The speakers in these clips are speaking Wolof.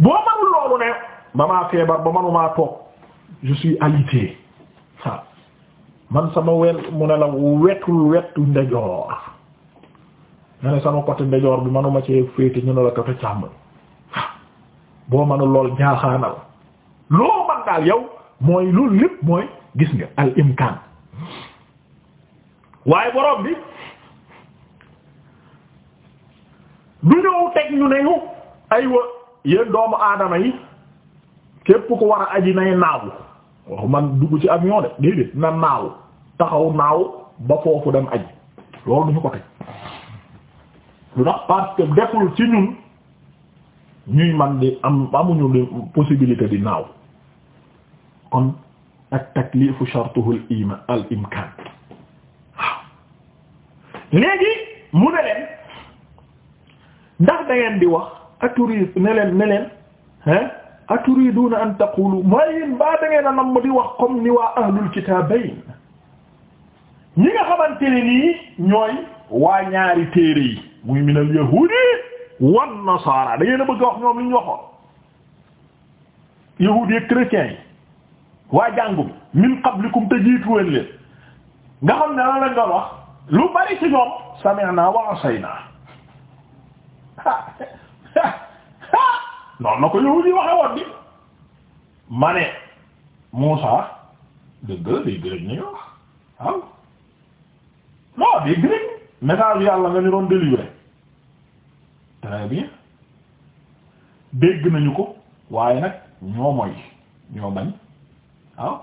boo manul loolu ne damaa feebar ba manumaa toog je suis man sama wel mu ne la wetul wetu ndejoor nga ne sama côté ndejoor bi manuma ci féete ñu ne la côté càmm boo manul lool jaaxaanal loo man daal yow mooy loolu lépp mooy gis nga al imkaan waaye borom bi du ñëw teg ñu ne ñu aywa yéen doomu aadama yi képp ku war a aji nay naawu waxu man dugg ci avion de déedéet na naaw taxaw naaw ba foofu dem aji loolu duñu ko teg lu tax parce que deful ci ñun ñuy man di am amuñu possibilité di naaw kon ak taklifu shartuhu al imkan léegi mu ne leen ndax da di wax aturi ne leen ne leen hein aturiduuna an taqulu mooy yéen baa da ngeen a nam di wax comme ni waa ahlul kitaabayn ñi nga xamante ne nii ñooy waa ñaari téere yi muy minal yahuudi wan nasaara da ngeen a bëgg a wax ñoom li ñu waxoon yahuudi ak chrétiens yi waa jàngum min qablikum te jiitu woon leen nga xam ne lan lañ doon wax lu bari ci ñoom sami'na wa asayna noonu na ko yow di waxe woon bi ma ne Muusaa dëgg la dégg rek ñu wax waaw non dégg rek message yàlla nga ñu doon délivrer très bien dégg nañu ko waaye nag ñoo moy ñoo bañ waaw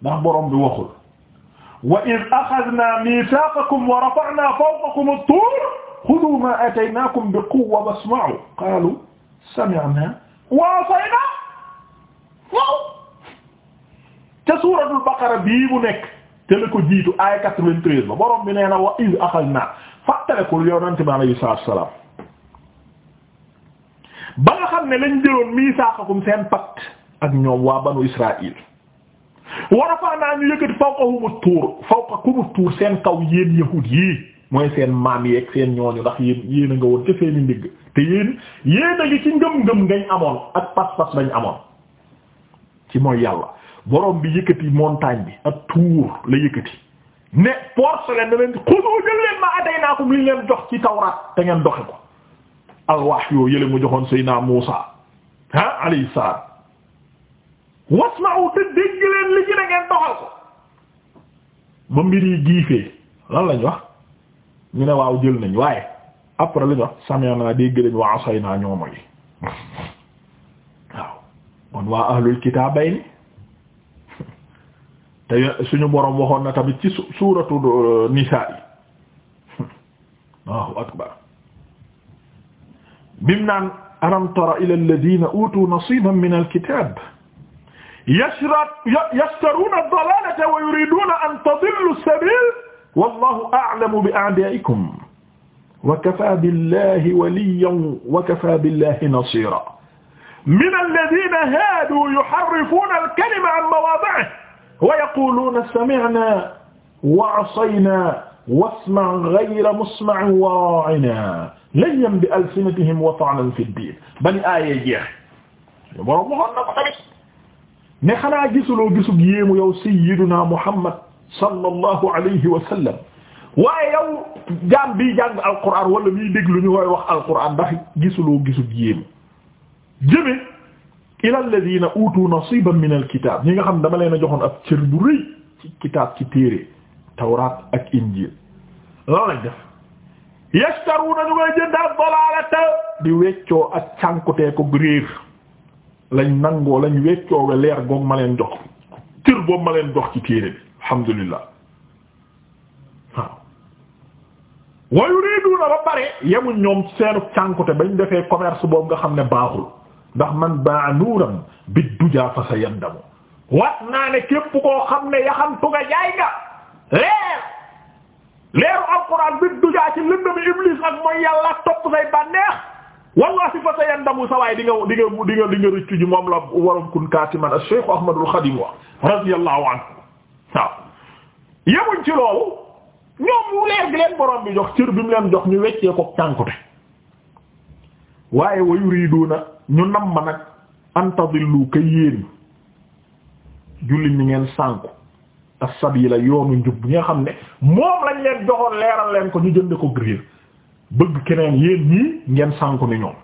ndax borom bi waxul wa iz axadnaa miisaaqakum wa rafa'naa fawqakum at-tuur xudu ma ataynaakum bi quwwa wasma'u qaalu sami'na wa atayna waaw ca suuratul baqara bii mu nekk te la ko jiitu aaya 93 ba borom bi nee na wa iz axadnaa fàttalikul yonent bi alayhi salaatu wa salaam ba nga xam ne lañ jëloon miisaaqakum seen pacte ak ñoom waa banu Israaïl wa rafa'naa ñu yëkkati fawqahumu tuur fawqakumu tuur seen kaw yéen yahuud yi mooy seen maam yeeg seen ñooñu ndax yéen yéen a nga woon te seen i ndigg te yéen yéen a ngi ci ngëm-ngëm ngañ amoon ak pas-pas bañ amoon ci mooy yàlla borom bi yëkkati montagne bi ak tuur la yëkkati ne force leen da leen leen ma aday naa ko li leen jox ci tawraat te ngeen doxe ko alwaax yoo yële mu joxoon Seydina Muusa ah alayhi salaam wasma'u te dégg leen li ci ne doxal ko ba mbir yi giifee lan lañ wax ñu ne waaw jël nañ waaye après li ñu wax sami'na dégg nañ wa asayna ñoo moy waaw kon waa ahlul kitaabayni te suñu boroom waxoon na tamit ci suuratu euh, nisaa yi Allahu akbar bim naan alam tara ila alladhina utu nasiban min alkitab yashtaruna ad-dalalata wa yuriduna an tadillu as-sabil wallahu a'lamu bi a'da'ikum wa kafa billahi waliyan wa kafa billahi nasira min alladhina hadu yuharrifuna al-kalima an mawadi'ihi wa yaquluna sami'na wa 'asayna wasma' ghayra musma'in wa ra'ina layyan bi alsinatihim wa ta'nan fi ddin bani aayee jeex boroom waxoon na ko tamit ne xanaa gisuloo gisug yéemu yow sayyiduna Muhammad sallallahu alayhi wa sallam waaye yow jaam bi jàng alquran wala miy lu ñu koy wax alquran ndax gisuloo gisul yéem jëme ila alladhina utu nasiban min alkitab ñi nga xam dama leen a joxoon ab cër bu rëy ci kitaab ci téere tawraat def yashtaruna ñu koy jënd ak di weccoo ak cànkutee ko réer lañ nangoo lañ weccoo we leer goog ma leen jox cër boobu ma leen jox ci téere bi alhamdulillah waaw wa yuriduna ba pare yemuñ ñoom seenu cànkute bañ defee commerce boobu nga xam ne baaxul ndax man baa nuuram bi dujaa fa sa yandamu wat naa ne képp koo xam ne yaxantu nga jaay nga leer leeru alquran bi dujaa ci lëndami iblis ak mooy yàlla topp say bànneex wallahi fa sa yandamu sa waay di nga rëccu ji moom la waroon kun kaatiman as-Shaykh Ahmadul Xadim wa radiyallahu anhu yemuñ ci loolu ñoom mu leer bi leen borom bi jox cër bi mu leen jox ñu weccee ko cànkute waaye wa yuriduna ñu nam ma nag antadillu ka yéen julli ñi ngeen sànku yi la yoonu njub bi nga xam ne moom lañ leen joxoon leeral leen ko ñu jënd ko griir bëgg keneen yéen ñii ngeen sànku ni ñoom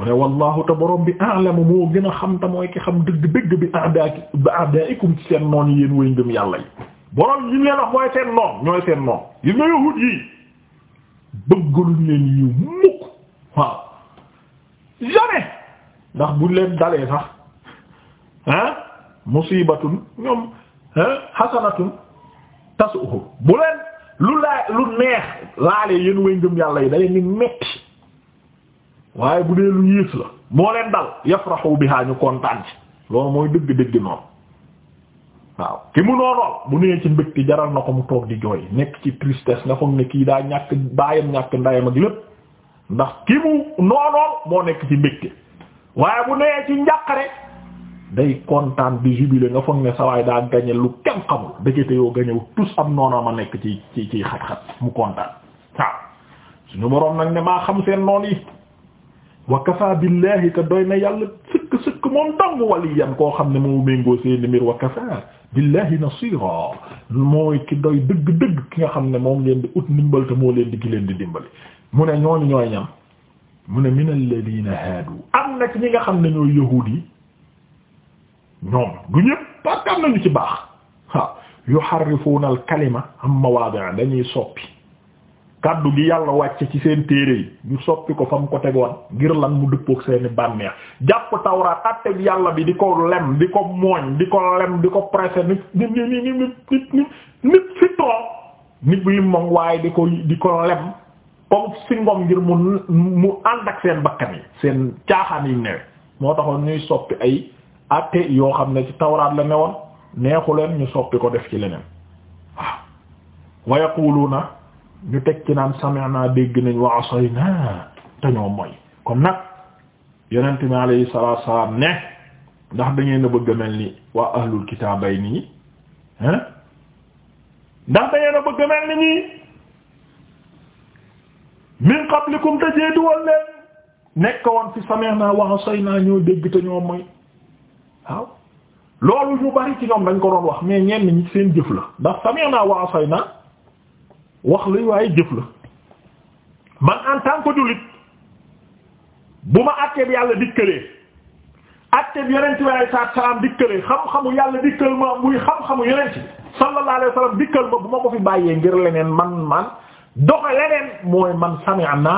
mu ne wallahu te borom bi a'lamu moo gën a xam te mooy ki xam dëgg-dëgg bi a'daaki bi a'daa'ikum ci seen noon yi yéen way ngëm yàlla yi borom yi ñu leen wax mooy seen noon ñooy seen noon yi nga yahut yi bëggaluñ leen yiw mukk waaw jamais ndax buñ leen dalee sax ah musibatun ñoom ah hasanatun tasuhu bu leen lu laa lu neex laale yéen way ngëm yàlla yi dalee ni metti waaye bu dee lu yiis la moo leen dal yafrahu biha ñu kontaan ci loolu mooy dëgg-dëgg noonu waaw ki mu noonool bu nee ci mbëgte jaral na ko mu toog di jooy nekk ci tristesse nga foog ne kii daa ñàkk baayam ñàkk ndayam ak lépp ndax ki mu noonool moo nekk ci mbëgte waaye bu nee ci njàqare day kontaan di jubilé nga foog ne sawaay daa gañe lu kenn xamul dëkkate yoo gañewu tous am noona ma nekk ci ci ci xat-xat mu kontaan waaw suñu boroom nag ne maa wa kafa billahi te doy na yàlla sëkk sëkk moom dong waliyan koo xam ne moo méngoo seeni mbir wa kafa billahi nasira mooy ki doy dëgg-dëgg ki nga xam ne moom leen di ut ndimbal te moo leen di ki leen di dimbali mu ne ñooñu ñooy mu ne min alladina haadu am na ci ñi nga xam ne ñooy yahuud yi ñoom du ñëpp parce que am nañu ci baax waaw yuharrifuuna al kalima am mawaadi'a dañuy soppi kaddu gi yàlla wàcce ci seen téere yi ñu soppi ko fa mu ko tegoon ngir lan mu dëppook seeni bànneex jàpp tawraat àtte bi yàlla bi di ko lem di ko mooñ di ko lem di ko pressé nit nit nit nit nit nit fi toog nit buy moom waaye di ko di ko lem comme si ngom ngir mu mu ànd ak seen bakkan yi seen caaxaan yi newe moo taxoon ñuy soppi ay àtte yoo xam ne ci tawraat la newoon neexu leen ñu soppi ko def ci leneen waaw wa yaquluna ñu teg ci naan sami'na dégg nañ wa asayna te ñoo mooy kon nag yonent bi alayhi salaatu salaam ne ndax da ngeen bëgg a mel ni waa ahlul kitaabay nii hein ndax da ngeen a bëgg a mel ni ñii min qablikum te wa asayna ñoo dégg te ñoo mooy waaw loolu ñu bari ci ñoom dañ ko doon wax mais ñenn ñi seen jëf la ndax sami'na wa asayna wax lañu waaye jëf la man en tant que jullit bu ma àtteeb yàlla dikkalee àtteeb yonent bi alayhi salaatu salaam dikkalee xam-xamu yàlla dikkal ma muy xam-xamu yonent bi sallallahu alayhi wasallam dikkal ma bu ma ko fi bàyyee ngir leneen man man doxe leneen mooy man sami'na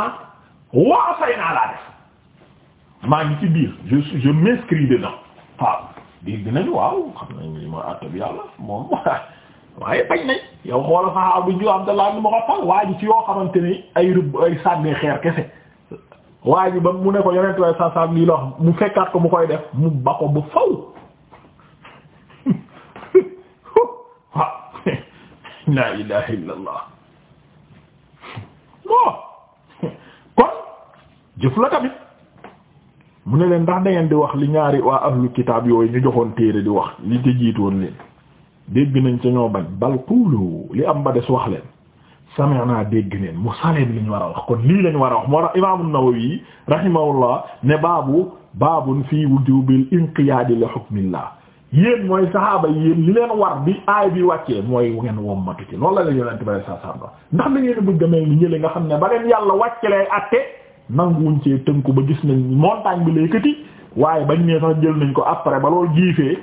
wa ata'na laa def maa ngi ci biir je je m'inscris dedans waaw dégg nañu waaw xam nañ mooy àtteeb yàlla moom waaye bañ nañ yow xoola saxaaba bi ju Abdallah ibn Mughaffal waa ji ci yoo xamante ni ay rëbb ay sànnee xeer kese waa ji ba mu ne ko yonent waaye sa sam lii la wax mu fekkaat ko mu koy def mu ba ko bu faw waaw la ilaha illa kon jëf la tamit mu ne leen ndax da ngeen di wax li ñaari waa ahlu kitaab yooyu ñu joxoon téere di wax li te jiitoon leen dégg nañ ca ñoo bañ bal quulu li am ba des wax leen sami'na dégg neen mu saleen li ñu war a wax kon lii lañ war a wax moo tax imaamu Nawawi rahimahullah ne baabu baabun fii wujubil inqiyaadi li hukmillah yéen mooy saxaaba yi yéen li leen war bi aay bi wàccee mooy ngeen wommatu ci loolu la la yonente bare sa samba ndax da ngeen bëgg mel ni ñële nga xam ne ba leen yàlla wàcce lay atte nanguwuñ cee tënku ba gis nañ montagne bi lay këti waaye bañ nee jël nañ ko après ba loolu jiifee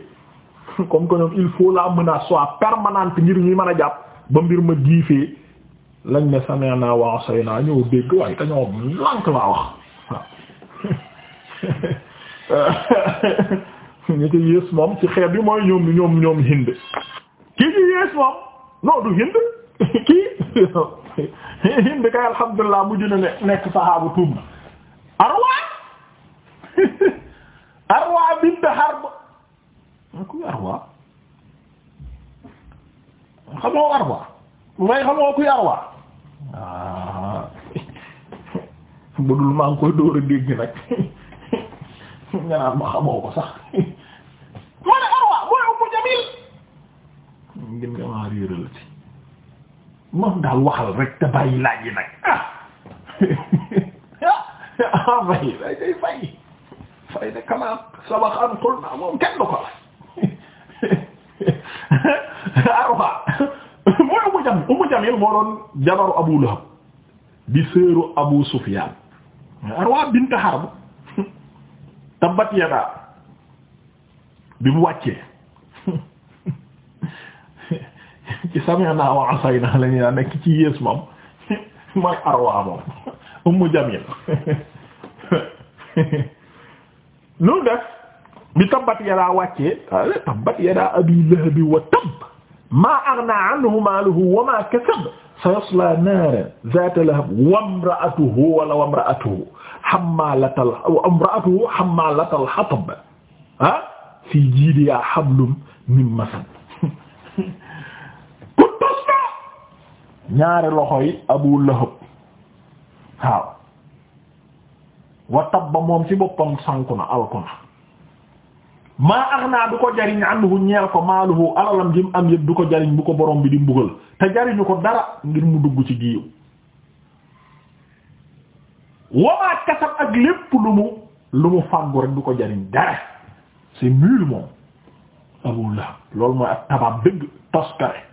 comme que ñoom il faut la menace soit permanente ngir ñuy mën a jàpp ba mbir ma giifee lañ ne sami'na wa asayna ñëw dégg waaye te ñoo lànk laa wax waaw ci yées moom ci xeet bi mooy ñoom ñoom ñoom hind kii ci yées moom non hind kii hind kay alhamdulilah mujj na nekk saxaabu tuub na arwa arwa bint harb kuy arwa xamoo arwa may xamoo kuy arwa ah budul maa koy dóor a dégg nag nga naan ma xamoo ko sax moo ne arwa mooy Ummu Jamil ngeen nga maa réeral moom daal waxal rek te bàyyi laaj yi nag ah ah fay fay fay de sabax an qulna moom kenn ko Arwa mooy Ummu Jamil Ummu Jamil moo doon jabaru Abu Lahab di seeru Abu Sufyan Arwa bint Harb tabbat yadaa bi mu wàccee ci sami'na wa asayna la ñu nekk ci yées moom mooy Arwa moom Ummu Jamil lu def bi tabbat yadaa wàccee tabbat yadaa abi lahabi wa tabb maa aghnaa anhu maaluhu wa maa kasab sayaslaa naaran zaata lahab wa imra'atuhu wala wa imra'atuhu hammaalatal wa imra'atuhu hammaalatal hatab ah fii jiidihaa hablum min masad ku tos na ñaari loxo yi Abu Lahab waaw wa tabba moom ci boppam sanku na alku na maa aghnaa du ko jariñ anhu ko am du ko jariñ bu ko borom bi di mbugal te jariñu ko dara ngir mu dugg ci giiw wamaa kasab ak lépp lu mu lu mu fàggu rek du ko jariñ dara c'est nul Abu Lahab loolu mooy ak tabaab dëgg toskare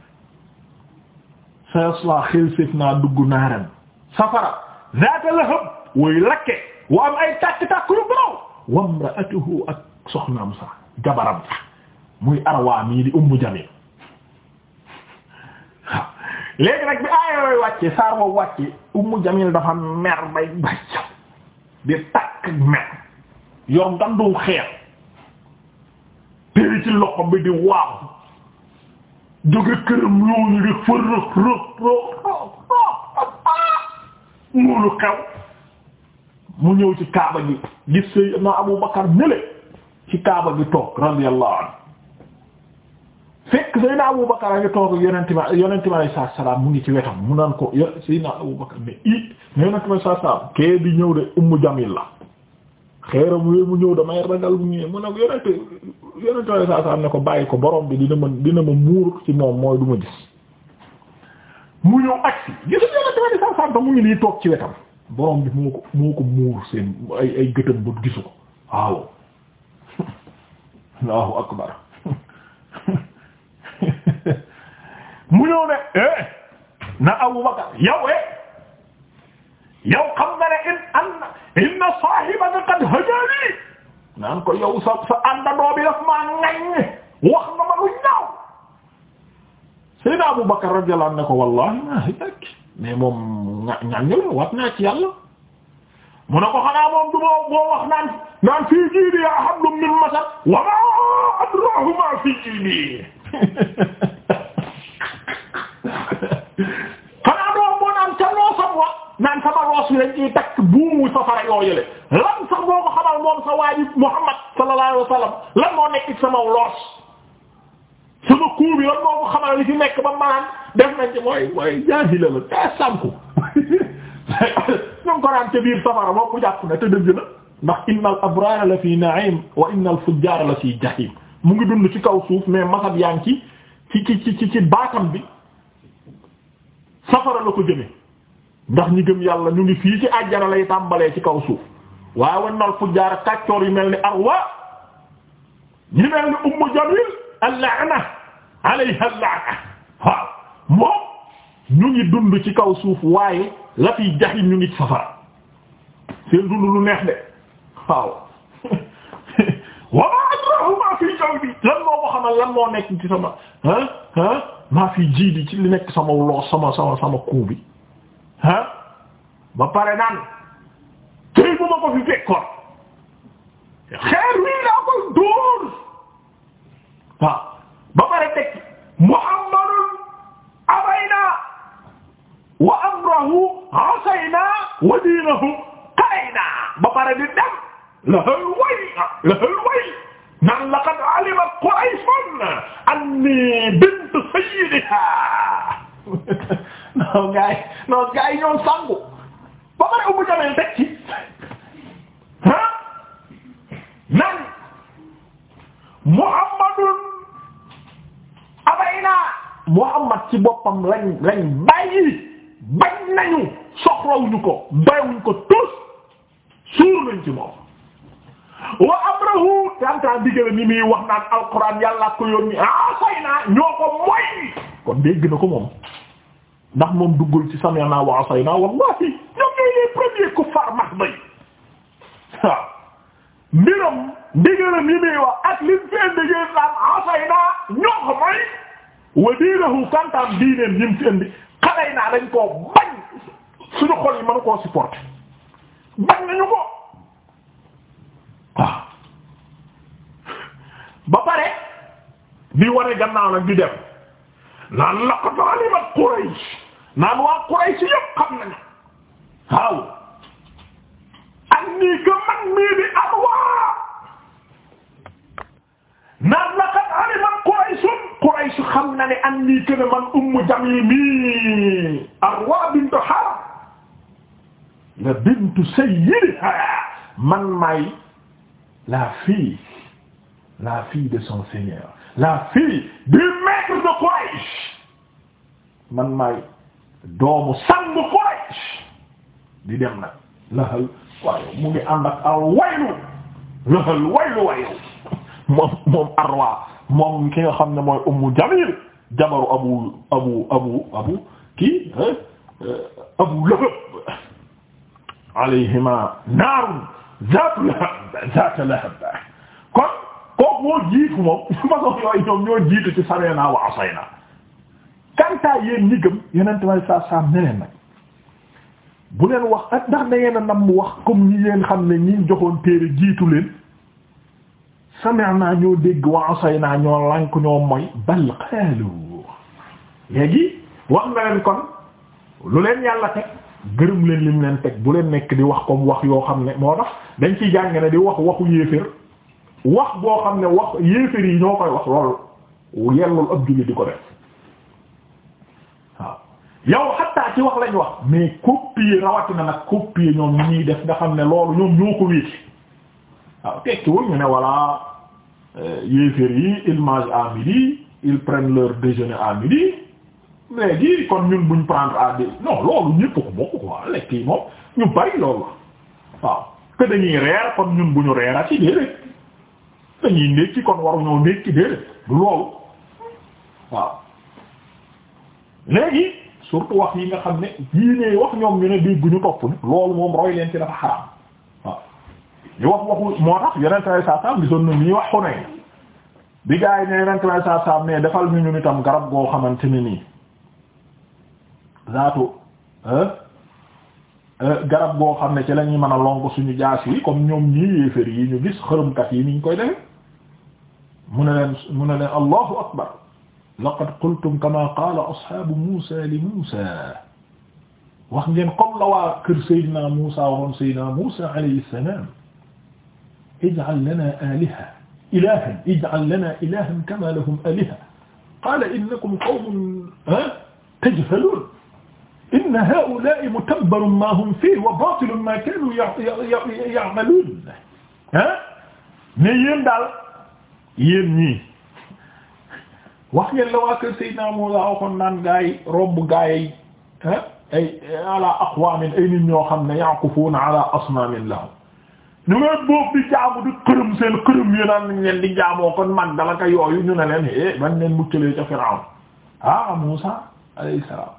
sayasla xilsif naa dugg naaran safara zaata lahab way lakke wa am ay tàkk-tàkk yu gaaw wa imra'atuhu ak soxnaam sax jabaram sax muy arwaa mii di ummu jamil waaw nag bi aaya yooyu wàcce saar boobu wàcce ummu jamil dafa mer bay bay di takk mer yor ngandum xeer téri ci di waaw jóge këram loolu di mu ñëw ci kaaba gi gis Seydina Abu Bakar ci kaaba bi toog radiyallahu anhu fekk Seydina Abu Bakar a ngi toog yonente ma yonente mi alei salaatu salaam mu ngi ci wetam mu naan ko Seydina Abu Bakar ne yonente di ñëw de Ummu la xeeram mu ñëw damay ragal mu ñëwee mu ne ko yonente yonente mi ne ko bàyyi ko borom bi dina ma dina ma muur ci moom mooy duma ma gis mu ñëw agsi gis nga yonente mi alei salaatu salaam mu ngi nii toog ci wetam borom bi moo ko moo ko muur seen ay ay gëtëm ba gisu ko waaw Allahu akbar mu ñëw ne eh, na Abu Bakar yow eh yow xam in anna inna saahibaka qad hajaani naan ko yow sa sa àndandoo bi daf maa ngañ wax na ma lu ñaaw Seydina Abu Bakar radiyallahu anhu ko wallahi ma hajaak mais moom ñaan ñëw wat naa ci yàlla mu ne ko xanaa moom du ma boo wax naan fii jiidi yaa hablum min masad wa ma adrahu fii jiidi xanaa doo naan ca loosam naan sama loos wi lañ takk buumu safara yoo yële lan sax boo ko xamal moom sa waaji Muhammad sallallahu alayhi wa moo nekk ci sama loos sama kuu bi moo ko xamal li ci nekk ba def nañ ci mooy mooy jaahila la daa sànku ñu ko naan ca biir safara moom mu jàpp ne te dëgg na ndax innal abraara la fi na'im wa innal fujjaara la fi jahim mu ngi dund ci kaw suuf mais masab yaa ngi ci ci ci ci baatam bi safara la ko jëme ndax ñi gëm yàlla ñu ngi fii ci àjjana lay tàmbalee ci kaw suuf waaye wa innal fujjaara kàccoor yu mel ni Arwa ñu mel ni Ummu al-la'na alayha al-la'na waaw ñu ngi dund ci kaw suuf waaye la fiy jaxin ñu ngi safara seen dund lu neex de waaw wama adrahu maa fii jaw bi lan moo ko xamal lan moo nekk ci sama ah ah maa fii ji bi ci li nekk sama loos sama sama sama kuu ba pare naan këy bu ma ko fi fekkoon xeer wii laa koy dóor waaw ba pare teg Muhammadun abayna wa amrahu asayna wa diinahu qarayna ba pare di lahal way lahal way naan laqad alimat qurayshun anni bint sayyidiha non gaay non gaay ba pare Ummu Jamil teg ci ah naan Muhammadun Muhammad ci boppam lañ lañ bàyyi bañ nañu soxlawuñu ko bayuñ ko tus suur nañ ci moom wa amrahu tantan digale ni muy wax naan alquran yàlla ko yónni ah say naa ñoo ko moy kon dégg na ko moom ndax moom duggul ci sami'na wa asayna wallahi ñoom ñooy les premiers kuffar mahday waaw mbiram ndigalam yi muy wax ak lim feen digéen naan asayna ñoo moy wa diinahu kantaan diineen yim fi indi xale naa dañ koo bañ suñu xol yi mënu koo supporter bañ nañu ko waaw ba pare di wane gannaaw nag di dem naan laqad alimat Quraysh naan waa Quraysh yëpp xam nañu waaw am nii que man mii di Quraysh xam na ne am nii la bintu sayyidiha la fille la la fille du de Quraysh man maay doomu sang Quraysh di dem nag lahal waylu lahal waylu moom Arwa moom ki nga xam ne mooy ummu jamil jabaru abu abu abu abu kii euh, abu lahab alayhima naarun zaatu lahab zaatu lahab kon kooku jiitu moom façon yooyu ñoom ñoo jiitu ci sami'naa wa asayna kantaa yéen ñi gëm yeneen tamay saa saa ne leen nag bu leen wax ak ndax na yenn wax comme ñi leen xam ne ñi joxoon téere jiitu leen naa ñoo dégg wa naa ñoo lànk ñoom mooy bal qaalu léegi wax nga leen kon lu leen yàlla teg gërëm leen lim leen teg bu leen nekk di wax comme wax yoo xam ne moo tax dañ ciy jàng ne di wax waxu yéefér wax boo xam ne wax yéefér yi ñoo koy wax loolu yellul ab julli di ko def waaw yow xattaa ci wax lañ wax mais copier rawatina nag copier ñoom ñi ñuy def nga xam ne loolu ñoom ñoo ko wéete waaw tekkiwul ñu ne voilà euh, yéeféer yi ils mangent à midi ils prennent leur déjeuner à midi léegi kon ñun buñ prendre à midi non loolu ñëpp ko bokk quoi lekk yi moom ñu bari loolu la waaw que dañuy reer kon ñun bu ñu reera ci déedéet dañuy ndékki kon waruñoo ndékki déedéet du loolu waaw léegi surtout wax yi nga xam ne yii ne wax ñoom ñu ne dégg ñu topp loolu moom roy leen ci dafa xaraam ñu wax waxu moo tax yonent lay saa saam gisoon nañ ñuy wax xu ne bi gaa yi ne yonent lay saa saam ne defal ñu ñu itam garab goo xamante ne nii zaatu euh, euh, garab goo xam ne ci la ñuy mën a lonk suñu jaas yi comme ñoom ñii yéefér yi ñu gis xërëmkat yi niñ koy defe mu ne leen mu ne leen allahu akbar laqad qultum kama qaala ashaabu musa li musa wax ngeen comme la waa kër sayyidina musa waxoon sayyidina musa alayhi salam ij'al lanaa aalihan ilaahan ij'al lanaa ilaahan kamaa lahum aaliha qaala innakum qawmun tajhaluun inna haa'ulaa'i mutabbarun maa hum fiihi wa baatilun maa kaanuu ya'maluun ah ne yéen daal yéen ñii wax ngeen la waa kër Seydina Muusaa waxoon naan gaa yi romb gaa yi ah ay ala aqwaamin ay nit ñoo xam ne ya'kufuuna ala asnaamin lahum ñu ngay boof di jaamu di xërëm seen xërëm yi naan nañ leen di jaamoo kon mag dalaka yooyu ñu ne leen é eh, man leen muccalee ca Firawna ah Muusa alayhi salaam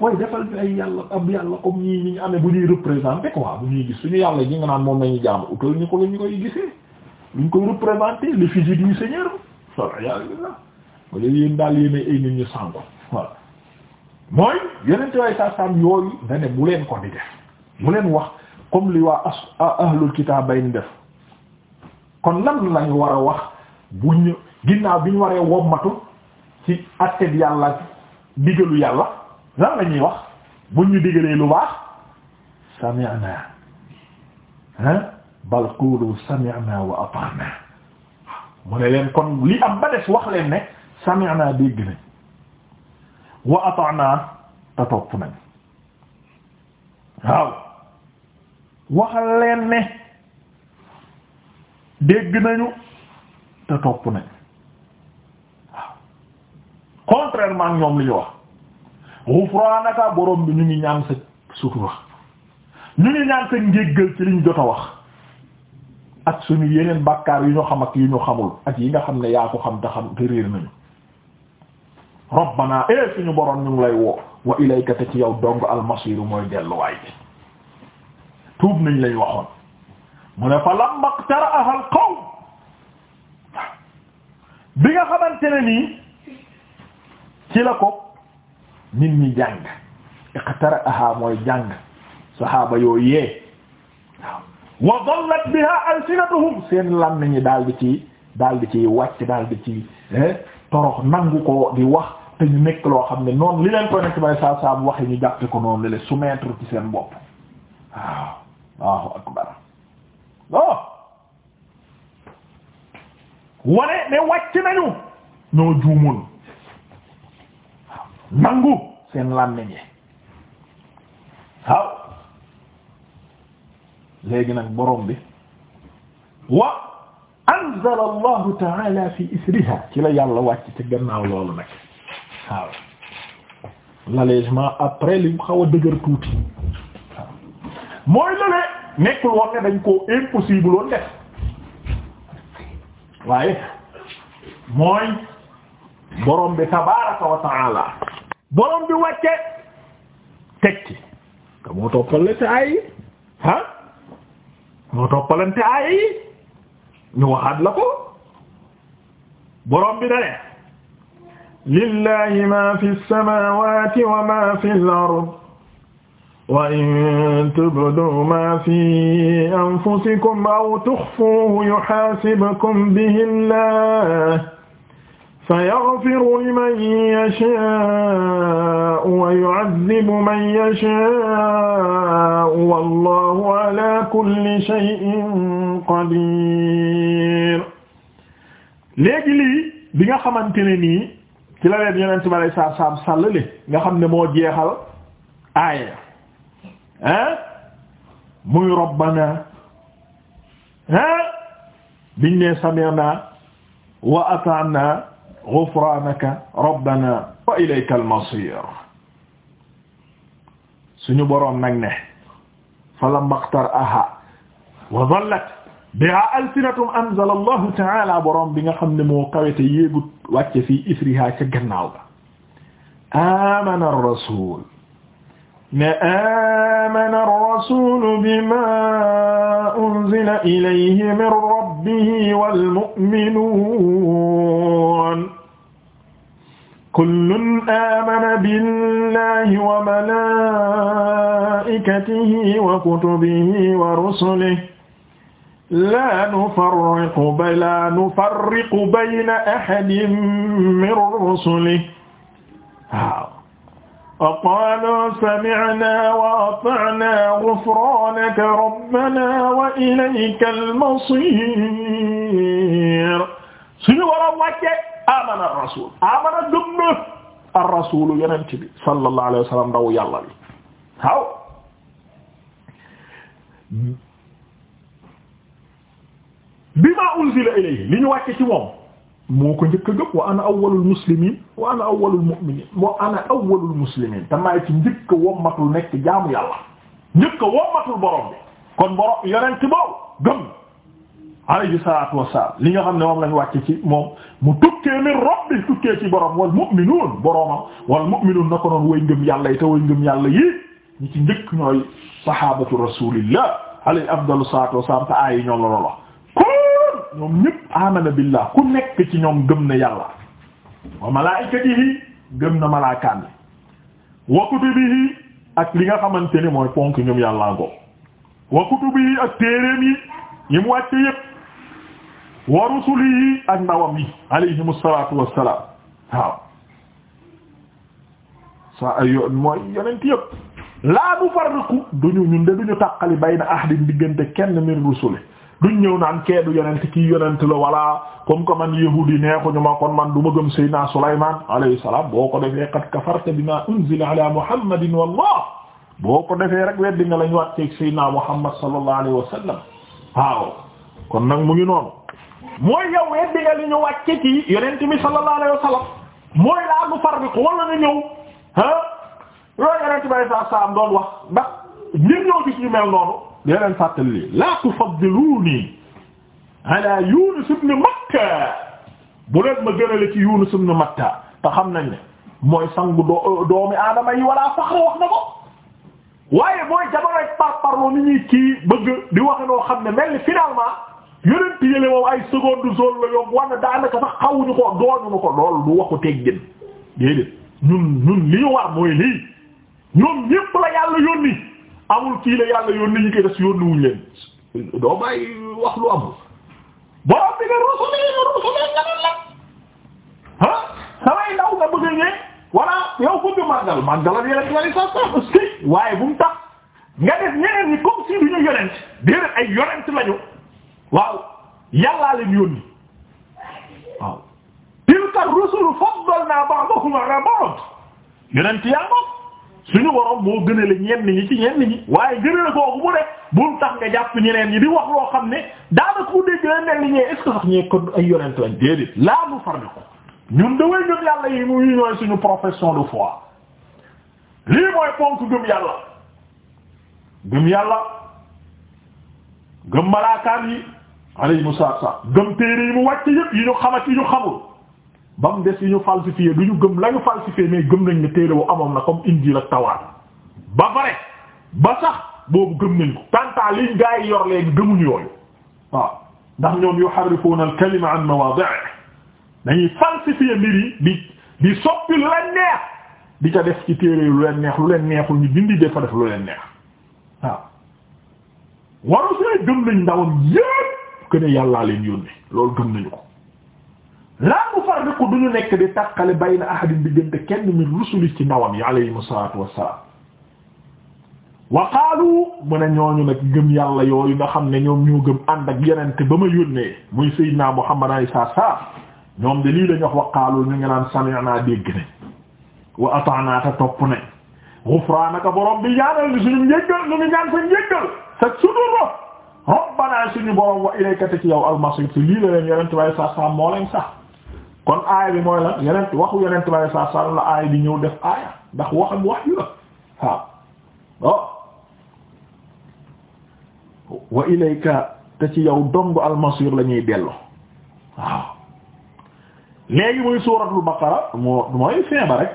waaye defal bi ay yàlla ab yàlla comme ñii ñi ñu amee bu ñuy représenté quoi bu ñuy gis ñu yàlla ñi nga naan moom nañu jaamu utal ñu ko lu ñu koy gisee luñ koy représenté l'effigie du Seigneur salaallah wala yéen daal yéen ay nit ñu sànko voilà mooy yenente way sa yooyu nga ne bu leen ko di def bu leen wax comme li waa as ahlul kitaab bay def kon lan lañ war a wax bu ñu ginnaaw bi ñu waree wommatu ci atteb yàlla digalu yàlla lan la ñuy wax bu ñu digalee lu baax sami'na ah bal qulu sami'na wa ata'na mu ne leen kon li am ba des wax leen ne sami'na dégg nañ wa ata'na te topp nañ waaw waxal leen ne dégg nañu te topp nañ waaw contrairement ñoom li ñu wax ghufranaka boroom bi ñu ngi ñaan sa sutura ñu ngi ñaan sa njéggal ci liñ jot a wax ak suñu yeneen bàkkaar yu ñu xam ak yu ñu xamul ak yi nga xam ne yaa ko xam te xam te réer nañu rabbana ee eh suñu borom ñu ngi lay woo wa ilayka ci yow dong almasiru mooy delluwaay bi tuub nañ lañ waxoon mu ne fa lamma qtara'aha al qawm bi nga xamante ne nii ci la ko nit ñi jàng iqtara'aha mooy jàng saxaaba yooyu yee wa dallat biha alsinatuhum seen lan nañu daal di ci daal di ciy wàcc daal di ci eh, torox nangu ko di wax te ñu nekk loo xam ne noonu li leen koy nekk bay saa saa bu ñu jàppe ko noonu le soumettre ci seen bopp waaw Allahu akbar oh wane ne wàcc nañu ñoo juumoon nangu seen làmmiñ yi waaw léegi nag borom bi wa anzala allahu taala fi isriha ci la yàlla wàcc ci gannaaw loolu nag waaw l'allègement après lim xaw a dëgër tuuti mooy lële nekkul woon ne dañ koo impossible woon def waaye mooy borom bi tabaraka wa taala borom bi wàcce tekki te moo toppalante aay yi ah moo toppalante aay yi ñu waxaat la ko borom bi dane lillahi ma fi samawati wa ma fil ard wa in tubdu ma fi anfusikum aw tuxfuuhu yuxaasibkum bihi llah fayaghfiru liman yashaa'u wa yu'adhibu man yashaa'u wallaahu alaa kulli shay'in qadiir. léegi lii bi nga xamante ne nii ci la leen yeneen ci ma lay saa saam sàll li nga xam ne moo jeexal aaya ah muy rabbana ah biñ ne sami'na wa ata'na ghufranaka rabbana wa ilayka al-masir suñu boroom nag ne falamma ikhtaraha wa dhallat biha alsinatuhum anzala allahu ta'ala boroom bi nga xam ne moo kawete yéegut wàcce fii isriha ca gannaaw ga amana ar-rasul ne amana ar-rasulu bima unzila ilayhi min rabbihi wal mu'minuun kullun amana billahi wa malaa'ikatihi wa kutubihi wa rusulihi laa nufarriqu bay laa nufarriqu bayna ahadin min rusulihi wa qaaluu sami'naa wa ata'naa ghufraanaka rabbanaa wa ilaykal masiir suñu war a wàcce amana rasuul amana gëm na ar-rasuul yonent bi sallallahu alayhi wa sallam ndaw yàlla bi waaw bimaa unzila ilayhi li ñu wàcce ci moom moo ko njëkk a gëm wa ana awwalul muslimin wa ana awwalul mu'minin wa ana awwalul muslimin te maay ci njëkk a wommatul nekk jaamu yàlla njëkk a wommatul borom bi kon borom yonent boobu gëm alayhi salaatu wassalaam li nga xam ne moom lañ wàcc ci moom mu tukkee min rabbi tukkee ci borom wal mu'minuun boromam wal mu'minuun na ko noon way ngëm yàlla yi te way ngëm yàlla yi ñi ci njëkk ñooy sahabatu rasulillah alayhi afdalu salaatu wassalaam te aay yi ñoo la ñoom ñépp amana billah ku nekk ci ñoom gëm na yàlla wa malaa'ikatihi gëm na malaakaan yi wa kutubihi ak li nga xamante ni mooy ponk ñoom yàllaa ngoo wa kutubihi ak téereem yi yi mu wàcce yépp wa rusulihi ak ndawam yi alayhimu salaatu wassalaam waaw sa ay yoon mooy yonent yépp laa du farriqu duñu ñun de duñu tàqali bayna ahadin diggante kenn min rusuli duñ ñëw naan kee du yonent kii yonent la walla comme que man yahudi neexuñu ma kon man du ma gëm Seydina Sulaymaan alayhi salaam boo ko defee qad kafarta bima unzila ala muhammadin wallah boo ko defee rek weddi nga lañu wat ceeg Muhammad sallallahu alayhi wa sallam waaw kon nag mu ngi noonu mooy yow weddi nga li ñu wàcce ci yonent bi sallallahu alayhi wa mooy laa lu far bi ko wala na ñëw ah loolu yonent bi sallallahu alayhi wa wax ndax ngir ñëw gis ñu noonu dee leen fàttali lii la tufaddiluni ibn Matta bu ma gënale ci Yunus ibn Matta te xam nañ ne mooy sangu doo euh, doomi aadama yi wala faxra wax na ko waaye mooy jamonoy par parloo ni ñuy bëgg di wax noo xam ne mel ni finalement yeneen yële moom ay seconde zone la yomb war na daanaka sax xawuñu ko doonuñu ko loolu du waxu teggin déedéet ñun ñun li ñu war mooy lii ñoom ñépp la yàlla yónni. amul kii la yàlla yónni ñu koy def yónni wuñ leen doo bàyyi wax lu amul borom bi nga rusulee rusulee nga doon la ah samay ndaw nga bëgg a ñëw walla yow bëgg màggal màggalal yéen a ngi lay sax sax aussi waaye bu mu tax nga def ñeneen ñi comme si duñu yonent déedéet ay yonent lañu waaw yàllaa leen yónni waaw tilka rusulu faddalna ba'dahum ala ba'd yonent yaa suñu borom moo gënale ñenn ñi ci ñenn ñi waaye gënale kooku mu ne bul tax nga jàpp ñeneen ñi di wax loo xam ne daanaka mu dégg leen ne li ñee est sax ñee kon ay yonent lañ déedéet laa nu farni ko ñun da way yàlla yi muy ñooy suñu profession de foi lii mooy ponk gëm yàlla gëm yàlla gëm malaakaan yi alayhi musa gëm téere yi mu wàcc yëpp yi ñu xamati yi ñu xamul ba mu des yu ñu falsifié du ñu gëm la ñu mais gëm nañ ne téere bu amoon na comme Injiil la Tawraat ba pare ba sax boobu gëm nañ ko tanta liñ gaa yi yor léegi gëmuñu yooyu waaw ndax ñoom yuharrifuuna al-kalima an mawaadi'ihi dañuy falsifié mbir yi di di soppi lu neex di ca def ci téere lu leen neex lu leen neexul ñu dindi de fa def lu leen neex waaw waru see gëm nañ ndawam yépp que ne yàllaa leen yónni loolu gëm nañu ko la nafaafiqu duñu nekk di tàqale bayna ahadin diggante kenn min rusuli ci ndawam yi alayhimu salaatu wassalaam wa qaalu mu ne ñooñu nag gëm yàlla yooyu nga xam ne ñoom ñoo gëm ànd ak yenente ba ma yónnee muy sayyidina Muhammad alayhi salaatu wassalaam ñoom de lii lañu wa qaalu ñu naan sami'naa dégg ne wa ata'naa ta topp ne ghufraanaka borom bi ñaanal ñu ñaan sa njéggal sa sudur rabbana suñu borom wa ilayka ci yow al-masiir lii la leen yenente waaye sa sa moo leen sax kon aaya bi mooy la yenent waxu yenent bi sa satu la aaya bi ñëw def aaya ndax waxam wax yu la waaw o oh. wa ilayka te ci yow dong almasir la ñuy dellu waaw léegi muy suuratul baqara moo mooy fin ba rek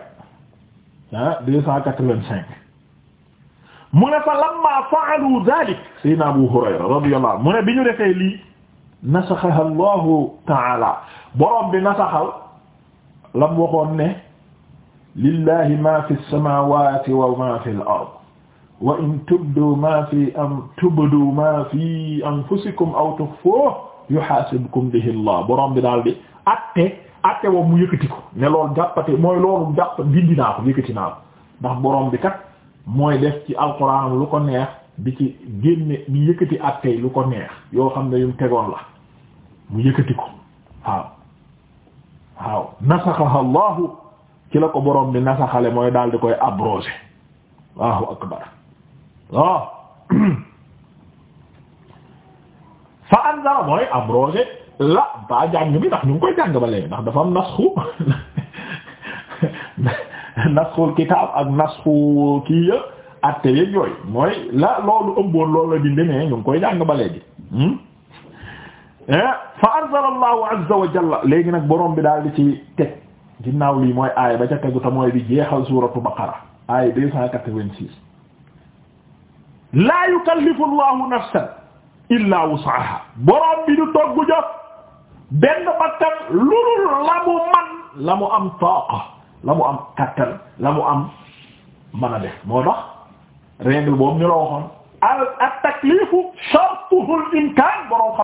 ah cinq mu ne fa lamma fa'alu dhalik sayyidina abu hurayra radiyallahu mu ne bi ñu defee lii nasaxaha allahu taala borom bi nasaxal lam waxoon ne lillahi ma fi samawati wa ma fi l ard wa in tubdu ma fi am tubdu ma fi anfusikum aw tukhfuhu yuhasibkum bihi allah borom bi daal di atte atte wa mu yëkkati ko ne loolu jàppate mooy loolu jàpp dindi naa ko yëkkati naa ko ndax borom bi kat mooy def ci alquran lu ko neex di ci génne di yëkkati attey lu ko neex yoo xam ne yum tegoon la mu yëkkati ko waaw waaw nasaxaha allahu ci la ko boroom bi nasaxale mooy daal di koy abrogé allahu akbar waaw fa anzara mooy abrogé la ba jàng bi ndax ñu ngi koy jàng ba léegi ndax dafa am nasxu nasxul kitaab ak nasxu kii ya atte yeeg yooyu mooy la loolu ëmboon loolu la dindi ne ñu ngi koy jàng ba léegi hmm? eh, fa anzala allahu azza wa jalla léegi nag bi daal di ci teg ginnaaw lii mooy aaya ba ca tegu te mooy bi jeexal suuratu baqara aaya deux cent quatre-vingt-six laa yukallifu allahu illa wus'aha borom bi du togg jox benn bakkan lulul la mu man la mu am taaqa la mu am kattan la mu am mën a moo tax règle boobu ñu la waxoon al at taklifu shartuhu al imkan borom